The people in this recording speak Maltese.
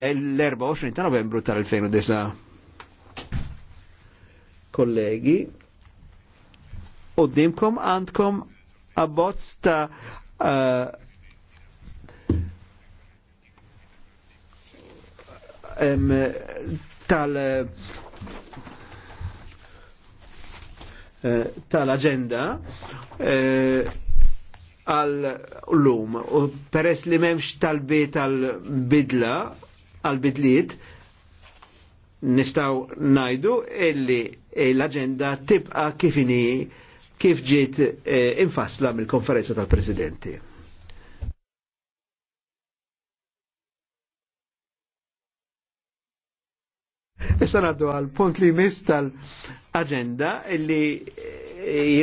l-24 ta' novembru tal-2009. Kollegi, u dimkom għandkom abbozz ta' uh, em, tal uh, tal-agenda uh, għal-lum. U peress li memx tal-bit tal-bidla, għal-bidliet nistaw najdu illi eh, l-agenda tibqa kifini kif ġiet eh, infasla mill-konferenza tal-presidenti. Issa naddu għal punt li mis tal-agenda illi eh,